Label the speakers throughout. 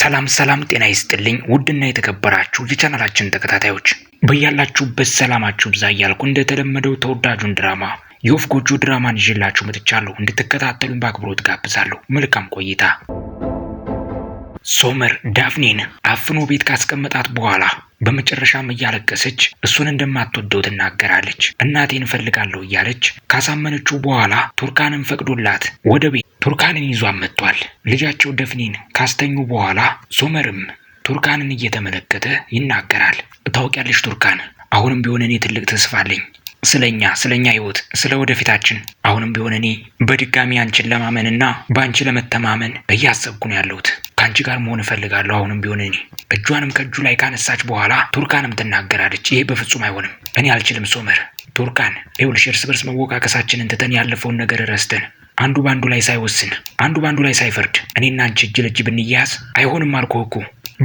Speaker 1: ሰላም ሰላም፣ ጤና ይስጥልኝ ውድና የተከበራችሁ የቻናላችን ተከታታዮች በያላችሁበት ሰላማችሁ ብዛ እያልኩ እንደተለመደው ተወዳጁን ድራማ የወፍ ጎጆ ድራማን ይዤላችሁ መጥቻለሁ። እንድትከታተሉን በአክብሮት ጋብዛለሁ። መልካም ቆይታ። ሶመር ዳፍኔን አፍኖ ቤት ካስቀመጣት በኋላ በመጨረሻም እያለቀሰች እሱን እንደማትወደው ትናገራለች። እናቴን እፈልጋለሁ እያለች ካሳመነችው በኋላ ቱርካንም ፈቅዶላት ወደ ቤት ቱርካንን ይዟን መጥቷል። ልጃቸው ደፍኔን ካስተኙ በኋላ ሶመርም ቱርካንን እየተመለከተ ይናገራል። ታውቂያለሽ ቱርካን፣ አሁንም ቢሆን እኔ ትልቅ ተስፋ አለኝ። ስለኛ ስለኛ ህይወት፣ ስለ ወደፊታችን አሁንም ቢሆን እኔ በድጋሚ አንቺን ለማመንና በአንቺ ለመተማመን እያሰብኩ ነው ያለሁት። ከአንቺ ጋር መሆን እፈልጋለሁ። አሁንም ቢሆን እኔ እጇንም ከእጁ ላይ ካነሳች በኋላ ቱርካንም ትናገራለች። ይሄ በፍጹም አይሆንም፣ እኔ አልችልም ሶመር። ቱርካን ይኸውልሽ፣ እርስ በርስ መወቃቀሳችንን ትተን ያለፈውን ነገር ረስተን አንዱ በአንዱ ላይ ሳይወስን፣ አንዱ በአንዱ ላይ ሳይፈርድ እኔና አንቺ እጅ ለእጅ ብንያያዝ አይሆንም። አልኩህ እኮ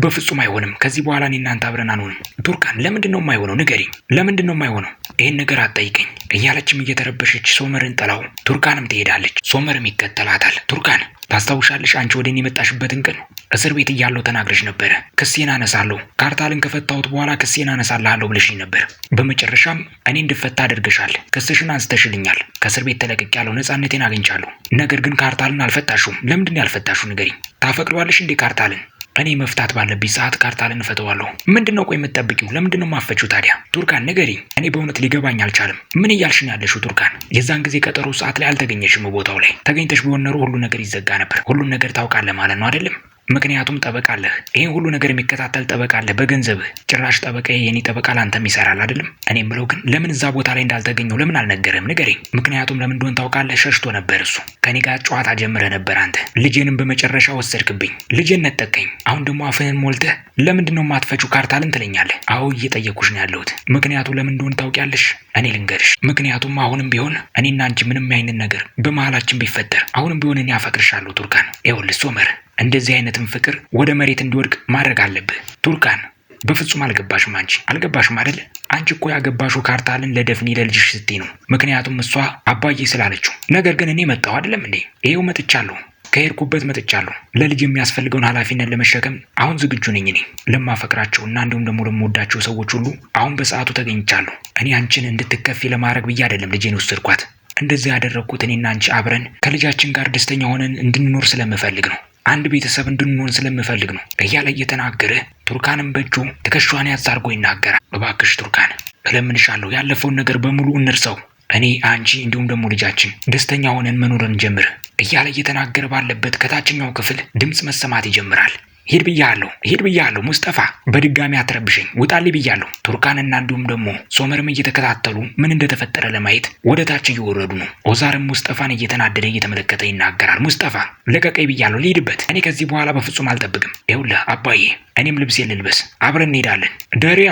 Speaker 1: በፍጹም አይሆንም። ከዚህ በኋላ እኔ እናንተ አብረን አንሆንም። ቱርካን ለምንድን ነው የማይሆነው? ንገሪኝ፣ ለምንድን ነው የማይሆነው? ይህን ነገር አትጠይቀኝ እያለችም እየተረበሸች ሶመርን ጥላው ቱርካንም ትሄዳለች። ሶመርም ይከተላታል። ቱርካን ታስታውሻለሽ? አንቺ ወደ እኔ የመጣሽበትን ቀን እስር ቤት እያለሁ ተናግረሽ ነበረ። ክሴን አነሳለሁ፣ ካርታልን ከፈታሁት በኋላ ክሴን አነሳልሃለሁ ብለሽኝ ነበር። በመጨረሻም እኔ እንድፈታ አድርገሻል። ክስሽን አንስተሽልኛል። ከእስር ቤት ያለው ነፃነቴን አግኝቻለሁ። ነገር ግን ካርታልን አልፈታሹም። ለምንድን ያልፈታሹ? ንገሪኝ። ታፈቅደዋለሽ እንዴ ካርታልን? እኔ መፍታት ባለብኝ ሰዓት ካርታልን እፈተዋለሁ። ምንድን ነው ቆይ የምትጠብቂው? ለምንድን ነው ማፈችው ታዲያ? ቱርካን ንገሪኝ፣ እኔ በእውነት ሊገባኝ አልቻለም። ምን እያልሽ ነው ያለሽው ቱርካን? የዛን ጊዜ ቀጠሮ ሰዓት ላይ አልተገኘሽም። ቦታው ላይ ተገኝተሽ በሆነ ኖሮ ሁሉ ነገር ይዘጋ ነበር። ሁሉም ነገር ታውቃለህ ማለት ነው አይደለም? ምክንያቱም ጠበቃ አለህ፣ ይህን ሁሉ ነገር የሚከታተል ጠበቃ አለህ በገንዘብህ። ጭራሽ ጠበቃ የኔ ጠበቃ ለአንተም ይሰራል አይደለም። እኔም ብለው ግን ለምን እዛ ቦታ ላይ እንዳልተገኘው ለምን አልነገረም? ንገረኝ። ምክንያቱም ለምን እንደሆነ ታውቃለህ፣ ሸሽቶ ነበር እሱ። ከኔ ጋር ጨዋታ ጀምረ ነበር አንተ። ልጄንም በመጨረሻ ወሰድክብኝ፣ ልጄን ነጠቀኝ። አሁን ደግሞ አፍህን ሞልተህ ለምንድን ነው የማትፈጪው ካርታልን ትለኛለህ። አዎ እየጠየኩሽ ነው ያለሁት። ምክንያቱ ለምን እንደሆን ታውቂያለሽ? እኔ ልንገርሽ። ምክንያቱም አሁንም ቢሆን እኔና አንቺ ምንም አይነት ነገር በመሀላችን ቢፈጠር አሁንም ቢሆን እኔ አፈቅርሻለሁ ቱርካን። ይኸውልህ ሶመር እንደዚህ አይነትን ፍቅር ወደ መሬት እንዲወድቅ ማድረግ አለብህ። ቱርካን በፍጹም አልገባሽም። አንቺ አልገባሽም አይደል? አንቺ እኮ ያገባሽው ካርታልን ለደፍኒ ለልጅሽ ስትይ ነው። ምክንያቱም እሷ አባዬ ስላለችው። ነገር ግን እኔ መጣሁ አይደለም እንዴ? ይሄው መጥቻለሁ፣ ከሄድኩበት መጥቻለሁ። ለልጅ የሚያስፈልገውን ኃላፊነት ለመሸከም አሁን ዝግጁ ነኝ። እኔ ለማፈቅራቸውና እንዲሁም ደግሞ ለምወዳቸው ሰዎች ሁሉ አሁን በሰዓቱ ተገኝቻለሁ። እኔ አንቺን እንድትከፊ ለማድረግ ብዬ አይደለም ልጄን ወሰድኳት። እንደዚህ ያደረግኩት እኔና አንቺ አብረን ከልጃችን ጋር ደስተኛ ሆነን እንድንኖር ስለምፈልግ ነው። አንድ ቤተሰብ እንድንሆን ስለምፈልግ ነው እያለ እየተናገረ ቱርካንም በእጁ ትከሿን ያዝ አድርጎ ይናገራል። እባክሽ ቱርካን እለምንሻለሁ፣ ያለፈውን ነገር በሙሉ እንርሰው። እኔ አንቺ፣ እንዲሁም ደግሞ ልጃችን ደስተኛ ሆነን መኖርን ጀምር እያለ እየተናገረ ባለበት ከታችኛው ክፍል ድምፅ መሰማት ይጀምራል። ሂድ ብያለሁ፣ ሂድ ብያለሁ ሙስጠፋ፣ በድጋሚ አትረብሸኝ፣ ውጣልኝ ብያለሁ። ቱርካንና እንዲሁም ደግሞ ሶመርም እየተከታተሉ ምን እንደተፈጠረ ለማየት ወደ ታች እየወረዱ ነው። ኦዛርም ሙስጠፋን እየተናደደ እየተመለከተ ይናገራል። ሙስጠፋ ልቀቀኝ ብያለሁ፣ ልሂድበት። እኔ ከዚህ በኋላ በፍጹም አልጠብቅም። ይኸውልህ አባዬ፣ እኔም ልብሴ ልልበስ፣ አብረን እንሄዳለን። ደሪያ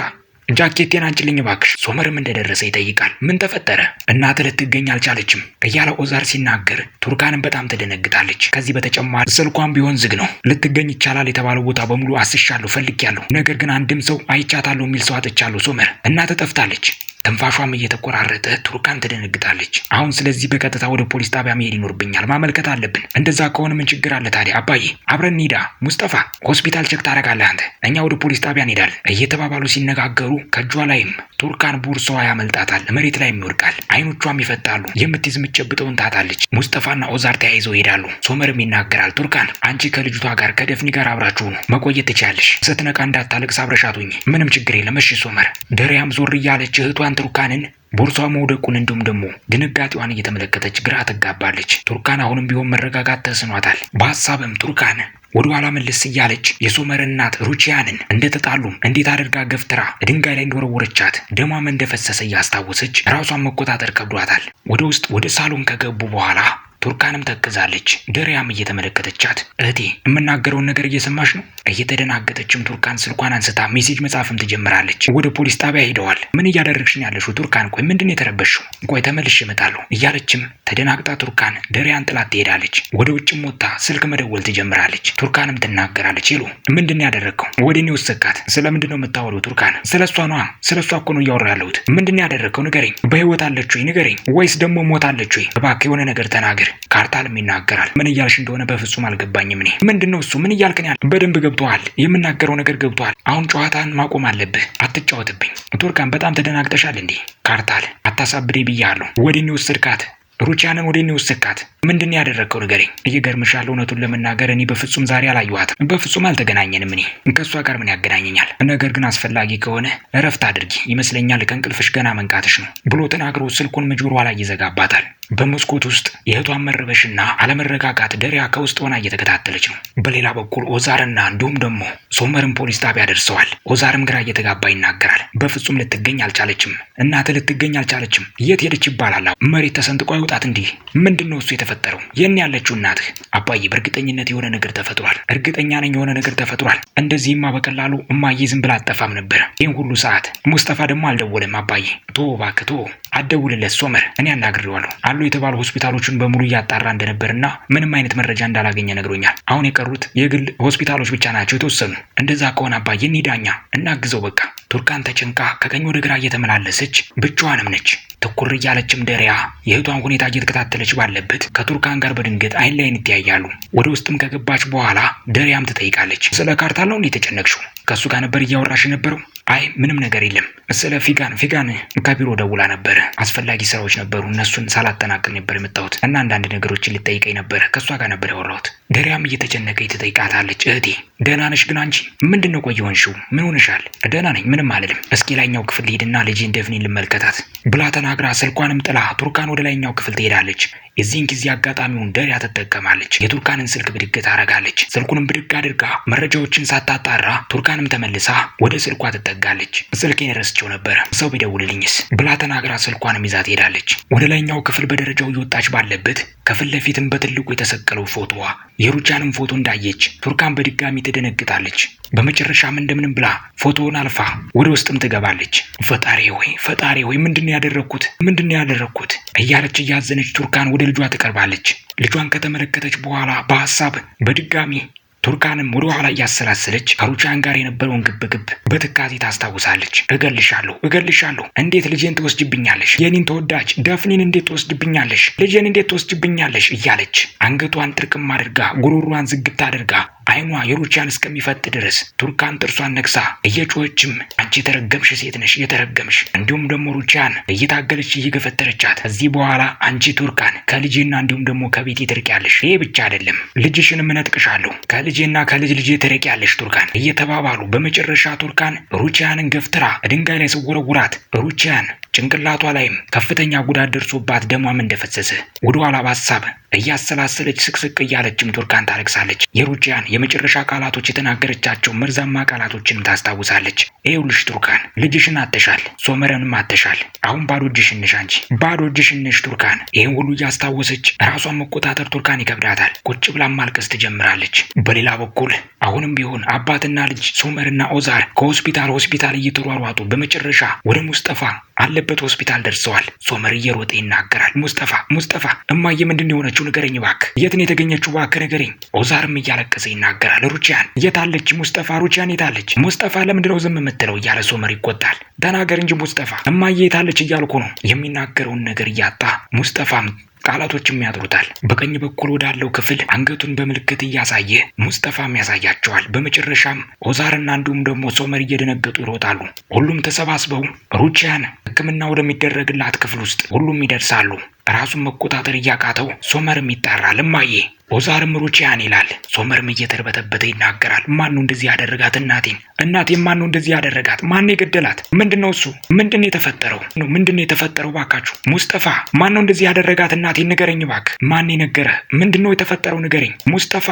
Speaker 1: ጃኬት ጤና አንችልኝ ባክሽ። ሶመርም እንደደረሰ ይጠይቃል። ምን ተፈጠረ? እናት ልትገኝ አልቻለችም እያለ ኦዛር ሲናገር ቱርካንም በጣም ትደነግጣለች። ከዚህ በተጨማሪ ስልኳን ቢሆን ዝግ ነው። ልትገኝ ይቻላል የተባለው ቦታ በሙሉ አስሻለሁ፣ ፈልጌያለሁ። ነገር ግን አንድም ሰው አይቻታለሁ የሚል ሰው አጥቻለሁ። ሶመር እናት ጠፍታለች። ትንፋሿም እየተቆራረጠ ቱርካን ትደነግጣለች። አሁን ስለዚህ በቀጥታ ወደ ፖሊስ ጣቢያ መሄድ ይኖርብኛል። ማመልከት አለብን። እንደዛ ከሆነ ምን ችግር አለ ታዲያ? አባዬ አብረን እንሂዳ። ሙስጠፋ ሆስፒታል ቸክ ታደርጋለህ አንተ፣ እኛ ወደ ፖሊስ ጣቢያ እንሄዳለን እየተባባሉ ሲነጋገሩ ከእጇ ላይም ቱርካን ቦርሳዋ ያመልጣታል፣ መሬት ላይም ይወድቃል። አይኖቿም ይፈጣሉ። የምትይዝ የምትጨብጠውን ታጣለች። ሙስጠፋና ኦዛር ተያይዘው ይሄዳሉ። ሶመርም ይናገራል። ቱርካን አንቺ ከልጅቷ ጋር ከደፍኒ ጋር አብራችሁ ነው መቆየት ትችያለሽ። ስትነቃ እንዳታለቅስ አብረሻቱኝ። ምንም ችግር የለም እሺ ሶመር። ደሪያም ዞር እያለች እህቷን ቱርካን ቱርካንን ቦርሷ መውደቁን እንዲሁም ደግሞ ድንጋጤዋን እየተመለከተች ግራ ትጋባለች። ቱርካን አሁንም ቢሆን መረጋጋት ተስኗታል። በሀሳብም ቱርካን ወደ ኋላ መልስ እያለች የሶመር እናት ሩቺያንን እንደተጣሉም እንዴት አድርጋ ገፍትራ ድንጋይ ላይ እንደወረወረቻት ደሟም እንደፈሰሰ እያስታወሰች ራሷን መቆጣጠር ከብዷታል። ወደ ውስጥ ወደ ሳሎን ከገቡ በኋላ ቱርካንም ተክዛለች። ደሪያም እየተመለከተቻት እህቴ የምናገረውን ነገር እየሰማሽ ነው? እየተደናገጠችም ቱርካን ስልኳን አንስታ ሜሴጅ መጻፍም ትጀምራለች። ወደ ፖሊስ ጣቢያ ሄደዋል። ምን እያደረግሽ ነው ያለሽው ቱርካን? ቆይ ምንድን ነው የተረበሽው? ቆይ ተመልሼ እመጣለሁ እያለችም ተደናግጣ ቱርካን ደሪያን ጥላት ትሄዳለች። ወደ ውጭም ወጥታ ስልክ መደወል ትጀምራለች። ቱርካንም ትናገራለች። ሄሎ ምንድን ነው ያደረግከው? ወደ እኔ ወሰድካት። ስለምንድን ነው የምታወሪው ቱርካን? ስለ እሷ ነዋ። ስለ እሷ እኮ ነው እያወራ ያለሁት። ምንድን ነው ያደረግከው? ንገረኝ። በህይወት አለች ወይ ንገረኝ፣ ወይስ ደግሞ ሞታለች ወይ? እባክህ የሆነ ነገር ተናገር ካርታልም ይናገራል። ምን እያልሽ እንደሆነ በፍጹም አልገባኝም። እኔ ምንድን ነው እሱ ምን እያልክን? ያለ በደንብ ገብቶሃል፣ የምናገረው ነገር ገብቶሃል። አሁን ጨዋታን ማቆም አለብህ፣ አትጫወትብኝ። ቱርካን በጣም ተደናግጠሻል እንዴ? ካርታል አታሳብዴ ብያለሁ። ወደኔ ወሰድካት ሩቺያንን ወደ እኔ ወሰድካት። ምንድን ነው ያደረግከው ንገረኝ። እየገርምሻለሁ፣ እውነቱን ለመናገር እኔ በፍጹም ዛሬ አላየኋትም። በፍጹም አልተገናኘንም። እኔ ከእሷ ጋር ምን ያገናኘኛል? ነገር ግን አስፈላጊ ከሆነ እረፍት አድርጊ፣ ይመስለኛል ከእንቅልፍሽ ገና መንቃትሽ ነው ብሎ ተናግሮ ስልኩን ምጆሯ ላይ ይዘጋባታል። በመስኮት ውስጥ የእህቷን መረበሽና አለመረጋጋት ደሪያ ከውስጥ ሆና እየተከታተለች ነው። በሌላ በኩል ኦዛርና እንዲሁም ደግሞ ሶመርን ፖሊስ ጣቢያ ደርሰዋል። ኦዛርም ግራ እየተጋባ ይናገራል። በፍጹም ልትገኝ አልቻለችም፣ እናት ልትገኝ አልቻለችም። የት ሄደች ይባላል? መሬት ተሰንጥቆ አይውጣት እንዲህ ምንድን ነው እሱ የተፈጠረው? የን ያለችው እናትህ? አባዬ፣ በእርግጠኝነት የሆነ ነገር ተፈጥሯል። እርግጠኛ ነኝ የሆነ ነገር ተፈጥሯል። እንደዚህማ በቀላሉ እማዬ ዝም ብላ አጠፋም ነበር። ይህን ሁሉ ሰዓት ሙስጠፋ ደግሞ አልደወለም። አባዬ፣ ቶ እባክህ ቶ አደውልለት ሶመር፣ እኔ አናግሬዋለሁ። አሉ የተባሉ ሆስፒታሎችን በሙሉ እያጣራ እንደነበርና ምንም አይነት መረጃ እንዳላገኘ ነግሮኛል። አሁን የቀሩት የግል ሆስፒታሎች ብቻ ናቸው የተወሰኑ። እንደዛ ከሆነ አባዬ እንሂዳኛ እናግዘው በቃ። ቱርካን ተጨንቃ ከቀኝ ወደ ግራ እየተመላለሰች ብቻዋንም ነች። ትኩር እያለችም ደሪያ የእህቷን ሁኔታ እየተከታተለች ባለበት ከቱርካን ጋር በድንገት አይን ላይን ይተያያሉ። ወደ ውስጥም ከገባች በኋላ ደሪያም ትጠይቃለች። ስለ ካርታ ነው እንዴ የተጨነቅሽው? ከእሱ ጋር ነበር እያወራሽ የነበረው አይ ምንም ነገር የለም ስለ ፊጋን ፊጋን ከቢሮ ደውላ ነበረ። አስፈላጊ ስራዎች ነበሩ እነሱን ሳላጠናቅል ነበር የመጣሁት እና አንዳንድ ነገሮችን ልጠይቀኝ ነበረ። ከእሷ ጋር ነበር ያወራሁት። ደሪያም እየተጨነቀኝ ትጠይቃታለች። እህቴ ደህና ነሽ ግን አንቺ ምንድን ነው ቆይ የሆንሽው? ምን ሆንሻል? ደህና ነኝ ምንም አልልም። እስኪ ላይኛው ክፍል ሄድና ልጄን ደፍኔን ልመልከታት ብላ ተናግራ ስልኳንም ጥላ ቱርካን ወደ ላይኛው ክፍል ትሄዳለች። የዚህን ጊዜ አጋጣሚውን ደሪያ ትጠቀማለች። የቱርካንን ስልክ ብድግ ታረጋለች። ስልኩንም ብድግ አድርጋ መረጃዎችን ሳታጣራ ቱርካንም ተመልሳ ወደ ስልኳ ትጠቀማለች። ትጠጋለች። ስልኬን ረስቼው ነበረ ሰው ቢደውልልኝስ ብላ ተናግራ ስልኳንም ይዛ ትሄዳለች። ወደ ላይኛው ክፍል በደረጃው እየወጣች ባለበት ከፊት ለፊትም በትልቁ የተሰቀለው ፎቶዋ የሩጃንም ፎቶ እንዳየች ቱርካን በድጋሚ ትደነግጣለች። በመጨረሻም እንደምንም ብላ ፎቶውን አልፋ ወደ ውስጥም ትገባለች። ፈጣሪ ሆይ ፈጣሪ ሆይ ምንድን ያደረግኩት? ምንድን ያደረግኩት? እያለች እያዘነች ቱርካን ወደ ልጇ ትቀርባለች። ልጇን ከተመለከተች በኋላ በሀሳብ በድጋሚ ቱርካንም ወደ ኋላ እያሰላሰለች ከሩቻን ጋር የነበረውን ግብግብ በትካዜ ታስታውሳለች። እገልሻለሁ እገልሻለሁ! እንዴት ልጄን ትወስጅብኛለሽ? የኔን ተወዳጅ ደፍኔን እንዴት ትወስጅብኛለሽ? ልጄን እንዴት ትወስጅብኛለሽ? እያለች አንገቷን ጥርቅም አድርጋ ጉሮሯን ዝግታ አድርጋ አይኗ የሩጫን እስከሚፈጥ ድረስ ቱርካን ጥርሷን ነክሳ እየጮኸችም አንቺ የተረገምሽ ሴት ነሽ እየተረገምሽ፣ እንዲሁም ደግሞ ሩጫን እየታገለች እየገፈተረቻት ከዚህ በኋላ አንቺ ቱርካን ከልጄና እንዲሁም ደግሞ ከቤቴ ትርቂያለሽ። ይሄ ብቻ አይደለም ልጅሽንም እነጥቅሻለሁ፣ ከልጄና ከልጅ ልጄ ትርቂያለሽ ቱርካን እየተባባሉ በመጨረሻ ቱርካን ሩቺያንን ገፍትራ ድንጋይ ላይ ስወረውራት ሩቺያን ጭንቅላቷ ላይም ከፍተኛ ጉዳት ደርሶባት ደሟም እንደፈሰሰ ወደ ኋላ በሀሳብ እያሰላሰለች ስቅስቅ እያለችም ቱርካን ታለቅሳለች። የሩቺያን የመጨረሻ ቃላቶች የተናገረቻቸው መርዛማ ቃላቶችንም ታስታውሳለች። ይኸውልሽ ቱርካን ልጅሽን አተሻል፣ ሶመረንም አተሻል። አሁን ባዶ እጅሽን ነሽ አንቺ፣ ባዶ እጅሽን ቱርካን። ይህን ሁሉ እያስታወሰች ራሷን መቆጣጠር ቱርካን ይከብዳታል። ቁጭ ብላ ማልቀስ ትጀምራለች። በሌላ በኩል አሁንም ቢሆን አባትና ልጅ ሶመርና ኦዛር ከሆስፒታል ሆስፒታል እየተሯሯጡ በመጨረሻ ወደ ሙስጠፋ አለበት ሆስፒታል ደርሰዋል። ሶመር እየሮጠ ይናገራል። ሙስጠፋ ሙስጠፋ፣ እማዬ ምንድን ነው የሆነችው? ንገረኝ እባክህ፣ የት ነው የተገኘችው? እባክህ ንገረኝ። ኦዛርም እያለቀሰ ይናገራል። ሩቺያን የታለች? ሙስጠፋ ሩቺያን የታለች? ሙስጠፋ ለምንድን ነው ዝም የምትለው? እያለ ሶመር ይቆጣል። ተናገር እንጂ ሙስጠፋ፣ እማዬ የታለች እያልኩ ነው። የሚናገረውን ነገር እያጣ ሙስጠፋም ቃላቶችም ያጥሩታል። በቀኝ በኩል ወዳለው ክፍል አንገቱን በምልክት እያሳየ ሙስጠፋም ያሳያቸዋል። በመጨረሻም ኦዛርና እንዲሁም ደግሞ ሶመር እየደነገጡ ይሮጣሉ። ሁሉም ተሰባስበው ሩቺያን ሕክምና ወደሚደረግላት ክፍል ውስጥ ሁሉም ይደርሳሉ። ራሱን መቆጣጠር እያቃተው ሶመርም ይጣራል። እማዬ ኦዛርም ሩቺያን ይላል። ሶመርም እየተርበተበተ ይናገራል። ማነው እንደዚህ ያደረጋት እናቴን? እናቴን ማነው እንደዚህ ያደረጋት? ማነው የገደላት? ምንድነው እሱ? ምንድነው የተፈጠረው? ምንድነው የተፈጠረው? ባካችሁ ሙስጠፋ፣ ማነው እንደዚህ ያደረጋት እናቴን? ንገረኝ ባክ። ማን ነገረ? ምንድነው የተፈጠረው? ንገረኝ ሙስጠፋ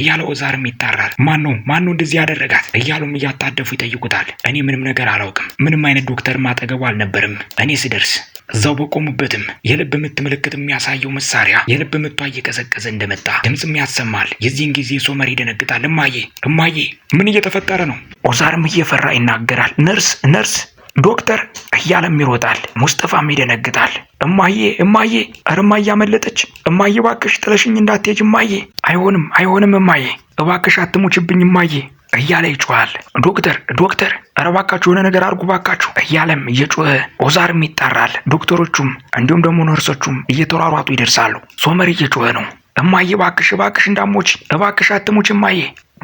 Speaker 1: እያለ ኦዛርም ይጣራል። ማን ነው ማን ነው እንደዚህ ያደረጋት እያሉም እያታደፉ ይጠይቁታል። እኔ ምንም ነገር አላውቅም። ምንም አይነት ዶክተርም አጠገቡ አልነበርም። እኔ ስደርስ እዛው በቆሙበትም የልብ ምት ምልክት የሚያሳየው መሳሪያ የልብ ምቷ እየቀዘቀዘ እንደመጣ ድምፅም ያሰማል። የዚህን ጊዜ ሶመር ይደነግጣል። እማዬ እማዬ፣ ምን እየተፈጠረ ነው? ኦዛርም እየፈራ ይናገራል። ነርስ ነርስ፣ ዶክተር እያለም ይሮጣል። ሙስጠፋም ይደነግጣል። እማዬ እማዬ፣ ኧረ እማዬ አመለጠች። እማዬ እባክሽ ጥለሽኝ እንዳትሄጅ እማዬ። አይሆንም አይሆንም እማዬ፣ እባክሽ አትሙችብኝ እማዬ እያለ ይጮሃል። ዶክተር ዶክተር፣ ኧረ የሆነ ነገር አድርጉ ባካችሁ እያለም እየጮኸ ኦዛርም ይጣራል። ዶክተሮቹም እንዲሁም ደግሞ ነርሶቹም እየተሯሯጡ ይደርሳሉ። ሶመር እየጮኸ ነው እማዬ እባክሽ እባክሽ እንዳሞች እባክሽ አትሙች እማዬ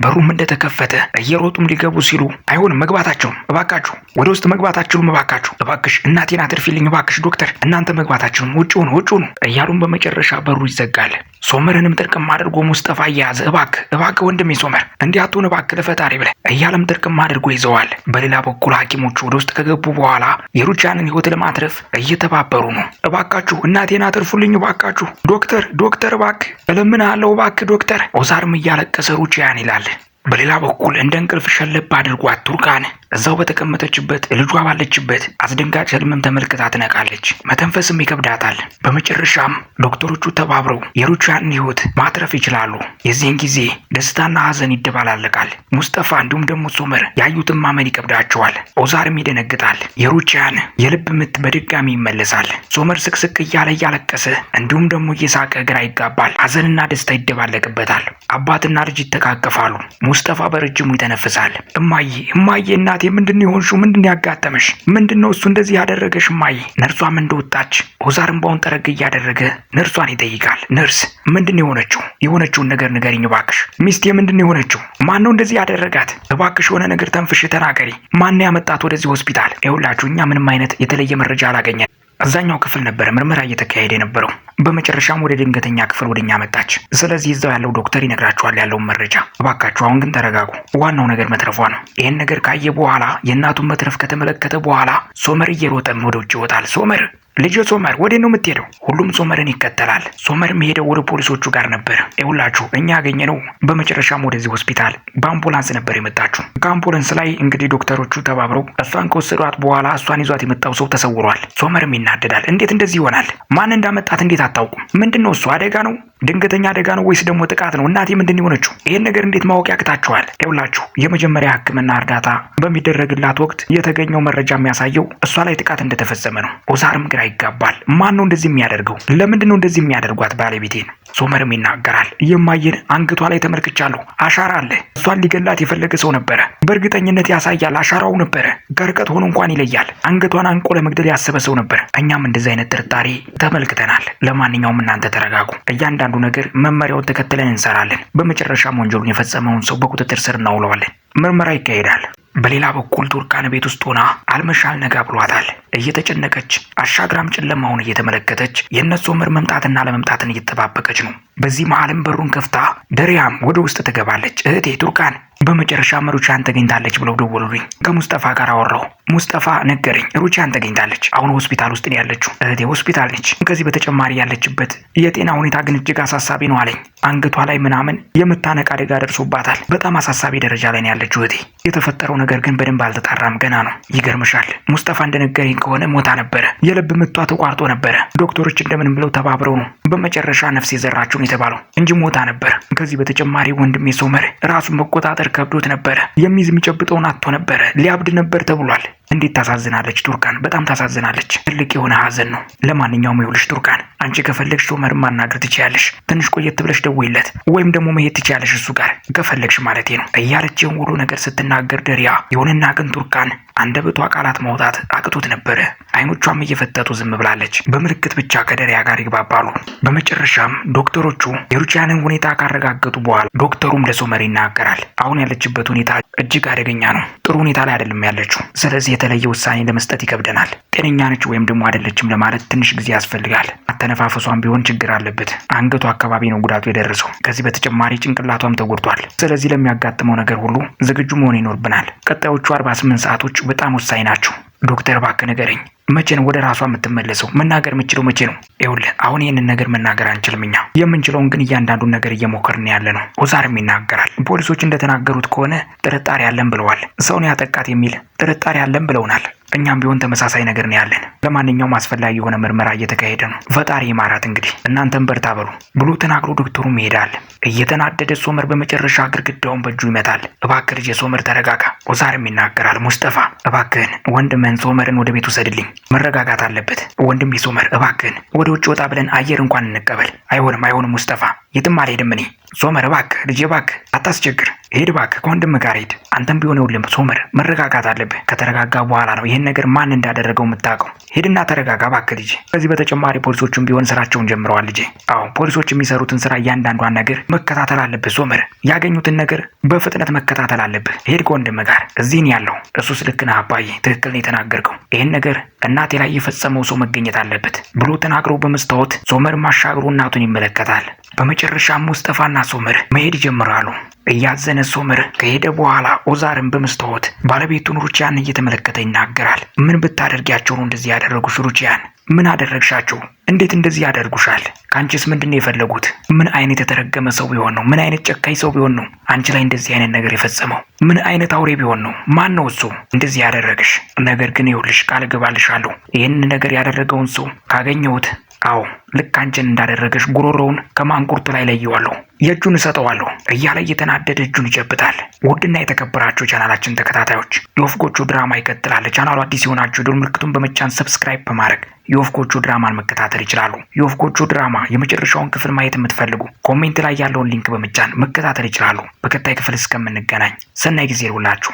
Speaker 1: በሩም እንደተከፈተ እየሮጡም ሊገቡ ሲሉ አይሆንም፣ መግባታቸውም እባካችሁ፣ ወደ ውስጥ መግባታችሁም እባካችሁ፣ እባክሽ እናቴን አትርፊልኝ፣ እባክሽ ዶክተር፣ እናንተ መግባታችሁም፣ ውጭ ሆኑ፣ ውጭ ሆኑ እያሉም በመጨረሻ በሩ ይዘጋል። ሶመርንም ጥርቅም አድርጎ ሙስጠፋ እየያዘ እባክ እባክ ወንድሜ ሶመር እንዲያቱን እባክ ለፈጣሪ ብለ እያለም ጥርቅም አድርጎ ይዘዋል። በሌላ በኩል ሐኪሞቹ ወደ ውስጥ ከገቡ በኋላ የሩቻንን ህይወት ለማትረፍ እየተባበሩ ነው። እባካችሁ እናቴን አትርፉልኝ፣ እባካችሁ ዶክተር ዶክተር፣ እባክ እለምንሃለሁ፣ እባክ ዶክተር። ኦዛርም እያለቀሰ ሩችያን ይላል በሌላ በኩል እንደ እንቅልፍ ሸለብ አድርጓት ቱርካን እዛው በተቀመጠችበት ልጇ ባለችበት አስደንጋጭ ህልምም ተመልክታ ትነቃለች። መተንፈስም ይከብዳታል። በመጨረሻም ዶክተሮቹ ተባብረው የሩቻን ህይወት ማትረፍ ይችላሉ። የዚህን ጊዜ ደስታና ሀዘን ይደባላለቃል። ሙስጠፋ እንዲሁም ደግሞ ሶመር ያዩትን ማመን ይከብዳቸዋል። ኦዛርም ይደነግጣል። የሩቻያን የልብ ምት በድጋሚ ይመለሳል። ሶመር ስቅስቅ እያለ እያለቀሰ እንዲሁም ደግሞ እየሳቀ ግራ ይጋባል። ሀዘንና ደስታ ይደባለቅበታል። አባትና ልጅ ይተቃቀፋሉ። ሙስጠፋ በረጅሙ ይተነፍሳል። እማዬ እማዬ እናቴ እናቴ ምንድን ነው ምንድን ያጋጠመሽ? ምንድን ነው እሱ እንደዚህ ያደረገሽ? ማይ ነርሷም እንደወጣች ኦዛር እንባውን ጠረግ እያደረገ ነርሷን ይጠይቃል። ነርስ ምንድን ነው የሆነችው? የሆነችውን ነገር ንገሪኝ እባክሽ። ሚስቴ ምንድን ነው የሆነችው? ማን ነው እንደዚህ ያደረጋት? እባክሽ የሆነ ነገር ተንፍሽ ተናገሪ። ማን ያመጣት ወደዚህ ሆስፒታል? ይኸውላችሁ እኛ ምንም አይነት የተለየ መረጃ አላገኘን አብዛኛው ክፍል ነበረ ምርመራ እየተካሄደ የነበረው። በመጨረሻም ወደ ድንገተኛ ክፍል ወደኛ መጣች። ስለዚህ እዛው ያለው ዶክተር ይነግራችኋል ያለውን መረጃ። እባካችሁ አሁን ግን ተረጋጉ። ዋናው ነገር መትረፏ ነው። ይህን ነገር ካየ በኋላ የእናቱን መትረፍ ከተመለከተ በኋላ ሶመር እየሮጠም ወደ ውጭ ይወጣል። ሶመር ልጅ ሶመር ወዴት ነው የምትሄደው? ሁሉም ሶመርን ይከተላል። ሶመርም ሄደው ወደ ፖሊሶቹ ጋር ነበር። ይኸውላችሁ እኛ ያገኘነው በመጨረሻም ወደዚህ ሆስፒታል በአምቡላንስ ነበር የመጣችሁ። ከአምቡላንስ ላይ እንግዲህ ዶክተሮቹ ተባብረው እሷን ከወሰዷት በኋላ እሷን ይዟት የመጣው ሰው ተሰውሯል። ሶመርም ይናደዳል። እንዴት እንደዚህ ይሆናል? ማን እንዳመጣት እንዴት አታውቁም? ምንድን ነው እሱ አደጋ ነው ድንገተኛ አደጋ ነው ወይስ ደግሞ ጥቃት ነው? እናቴ ምንድን የሆነችው? ይህን ነገር እንዴት ማወቅ ያቅታችኋል? ይውላችሁ የመጀመሪያ ሕክምና እርዳታ በሚደረግላት ወቅት የተገኘው መረጃ የሚያሳየው እሷ ላይ ጥቃት እንደተፈጸመ ነው። ኦዛርም ግራ ይገባል። ማን ነው እንደዚህ የሚያደርገው? ለምንድን ነው እንደዚህ የሚያደርጓት ባለቤቴን? ሶመርም ይናገራል። የማየን አንገቷ ላይ ተመልክቻለሁ። አሻራ አለ። እሷን ሊገላት የፈለገ ሰው ነበረ። በእርግጠኝነት ያሳያል። አሻራው ነበረ። ከርቀት ሆኖ እንኳን ይለያል። አንገቷን አንቆ ለመግደል ያሰበ ሰው ነበር። እኛም እንደዚህ አይነት ጥርጣሬ ተመልክተናል። ለማንኛውም እናንተ ተረጋጉ። እያንዳንዱ ነገር መመሪያውን ተከትለን እንሰራለን። በመጨረሻም ወንጀሉን የፈጸመውን ሰው በቁጥጥር ስር እናውለዋለን። ምርመራ ይካሄዳል። በሌላ በኩል ቱርካን ቤት ውስጥ ሆና አልመሻል ነጋ ብሏታል። እየተጨነቀች አሻግራም ጨለማውን እየተመለከተች የእነሱ ምር መምጣትና ለመምጣትን እየተጠባበቀች ነው። በዚህ መሀልም በሩን ከፍታ ደሪያም ወደ ውስጥ ትገባለች። እህቴ ቱርካን በመጨረሻ ሩቻን ተገኝታለች ብለው ደወሉልኝ። ከሙስጠፋ ጋር አወራው ሙስጠፋ ነገረኝ፣ ሩቻን ተገኝታለች። አሁን ሆስፒታል ውስጥ ነው ያለችው። እህቴ ሆስፒታል ነች። ከዚህ በተጨማሪ ያለችበት የጤና ሁኔታ ግን እጅግ አሳሳቢ ነው አለኝ። አንገቷ ላይ ምናምን የምታነቅ አደጋ ደርሶባታል። በጣም አሳሳቢ ደረጃ ላይ ነው ያለችው እህቴ። የተፈጠረው ነገር ግን በደንብ አልተጣራም፣ ገና ነው። ይገርምሻል፣ ሙስጠፋ እንደነገረኝ ከሆነ ሞታ ነበረ። የልብ ምቷ ተቋርጦ ነበረ። ዶክተሮች እንደምንም ብለው ተባብረው ነው በመጨረሻ ነፍስ የዘራችው ነው የተባለው እንጂ ሞታ ነበር። ከዚህ በተጨማሪ ወንድሜ ሶመር ራሱን መቆጣጠር ከብዶት ነበረ። የሚዝ የሚጨብጠውን አጥቶ ነበረ። ሊያብድ ነበር ተብሏል። እንዴት ታሳዝናለች ቱርካን፣ በጣም ታሳዝናለች። ትልቅ የሆነ ሀዘን ነው። ለማንኛውም ይኸውልሽ ቱርካን፣ አንቺ ከፈለግሽ ቶመርን ማናገር ትችያለሽ። ትንሽ ቆየት ብለሽ ደውይለት፣ ወይም ደግሞ መሄድ ትችያለሽ እሱ ጋር ከፈለግሽ ማለቴ ነው እያለችን ሁሉ ነገር ስትናገር ደሪያ የሆነና ግን ቱርካን አንደበቷ ቃላት ማውጣት አቅቶት ነበረ። አይኖቿም እየፈጠጡ ዝም ብላለች። በምልክት ብቻ ከደሪያ ጋር ይግባባሉ። በመጨረሻም ዶክተሮቹ የሩቺያንን ሁኔታ ካረጋገጡ በኋላ ዶክተሩም ለሶመር ይናገራል። አሁን ያለችበት ሁኔታ እጅግ አደገኛ ነው። ጥሩ ሁኔታ ላይ አይደለም ያለችው። ስለዚህ የተለየ ውሳኔ ለመስጠት ይከብደናል። ጤነኛ ነች ወይም ደግሞ አይደለችም ለማለት ትንሽ ጊዜ ያስፈልጋል። አተነፋፈሷም ቢሆን ችግር አለበት። አንገቱ አካባቢ ነው ጉዳቱ የደረሰው። ከዚህ በተጨማሪ ጭንቅላቷም ተጎድቷል። ስለዚህ ለሚያጋጥመው ነገር ሁሉ ዝግጁ መሆን ይኖርብናል። ቀጣዮቹ 48 ሰዓቶች በጣም ወሳኝ ናቸው። ዶክተር እባክህ ንገረኝ፣ መቼ ነው ወደ ራሷ የምትመለሰው? መናገር የምችለው መቼ ነው? ይኸውልህ አሁን ይህንን ነገር መናገር አንችልም። እኛ የምንችለውን ግን እያንዳንዱን ነገር እየሞከርን ያለ ነው። ኦዛርም ይናገራል። ፖሊሶች እንደተናገሩት ከሆነ ጥርጣሬ አለን ብለዋል። ሰውን ያጠቃት የሚል ጥርጣሬ አለን ብለውናል። እኛም ቢሆን ተመሳሳይ ነገር ነው ያለን። ለማንኛውም አስፈላጊ የሆነ ምርመራ እየተካሄደ ነው። ፈጣሪ ማራት እንግዲህ እናንተም በርታ በሉ ብሎ ተናግሮ ዶክተሩም ይሄዳል። እየተናደደ ሶመር በመጨረሻ ግድግዳውን በእጁ ይመታል። እባክህ ልጄ ሶመር ተረጋጋ። ኦዛርም ይናገራል። ሙስጠፋ እባክህን ወንድምህን ሶመርን ወደ ቤት ውሰድልኝ፣ መረጋጋት አለበት። ወንድም ሶመር እባክህን ወደ ውጭ ወጣ ብለን አየር እንኳን እንቀበል። አይሆንም አይሆንም፣ ሙስጠፋ የትም አልሄድም እኔ ሶመር እባክህ ልጄ እባክህ አታስቸግር ሄድ እባክህ ከወንድም ጋር ሄድ። አንተም ቢሆን ይኸውልህ ሶመር መረጋጋት አለብህ። ከተረጋጋ በኋላ ነው ይህን ነገር ማን እንዳደረገው የምታውቀው። ሄድና ተረጋጋ እባክህ ልጄ። ከዚህ በተጨማሪ ፖሊሶቹም ቢሆን ስራቸውን ጀምረዋል ልጄ። አዎ ፖሊሶች የሚሰሩትን ስራ እያንዳንዷን ነገር መከታተል አለብህ ሶመር። ያገኙትን ነገር በፍጥነት መከታተል አለብህ። ሄድ ከወንድም ጋር እዚህን ያለው እሱስ ልክ ነህ አባዬ፣ ትክክል ነው የተናገርከው። ይህን ነገር እናቴ ላይ የፈጸመው ሰው መገኘት አለበት ብሎ ተናግሮ በመስታወት ሶመር ማሻግሮ እናቱን ይመለከታል። በመጨረሻም ሙስጠፋና ሶመር መሄድ ይጀምራሉ እያዘነ አይነት ሶመር ከሄደ በኋላ ኦዛርን በመስታወት ባለቤቱን ሩቺያን እየተመለከተ ይናገራል። ምን ብታደርጊያቸው ነው እንደዚህ ያደረጉሽ? ሩቺያን ምን አደረግሻቸው? እንዴት እንደዚህ ያደርጉሻል? ከአንቺስ ምንድን ነው የፈለጉት? ምን አይነት የተረገመ ሰው ቢሆን ነው? ምን አይነት ጨካኝ ሰው ቢሆን ነው አንቺ ላይ እንደዚህ አይነት ነገር የፈጸመው? ምን አይነት አውሬ ቢሆን ነው? ማን ነው እሱ እንደዚህ ያደረግሽ? ነገር ግን ይኸውልሽ፣ ቃል እገባልሻለሁ ይህን ነገር ያደረገውን ሰው ካገኘሁት አዎ ልክ አንቺን እንዳደረገች ጉሮሮውን ከማንቁርቱ ላይ ለየዋለሁ፣ የእጁን እሰጠዋለሁ እያለ እየተናደደ እጁን ይጨብጣል። ውድና የተከበራችሁ ቻናላችን ተከታታዮች የወፍ ጎጆ ድራማ ይቀጥላል። ቻናሉ አዲስ የሆናችሁ ድር ምልክቱን በመጫን ሰብስክራይብ በማድረግ የወፍ ጎጆ ድራማን መከታተል ይችላሉ። የወፍ ጎጆ ድራማ የመጨረሻውን ክፍል ማየት የምትፈልጉ ኮሜንት ላይ ያለውን ሊንክ በመጫን መከታተል ይችላሉ። በቀጣይ ክፍል እስከምንገናኝ ሰናይ ጊዜ ይሁንላችሁ።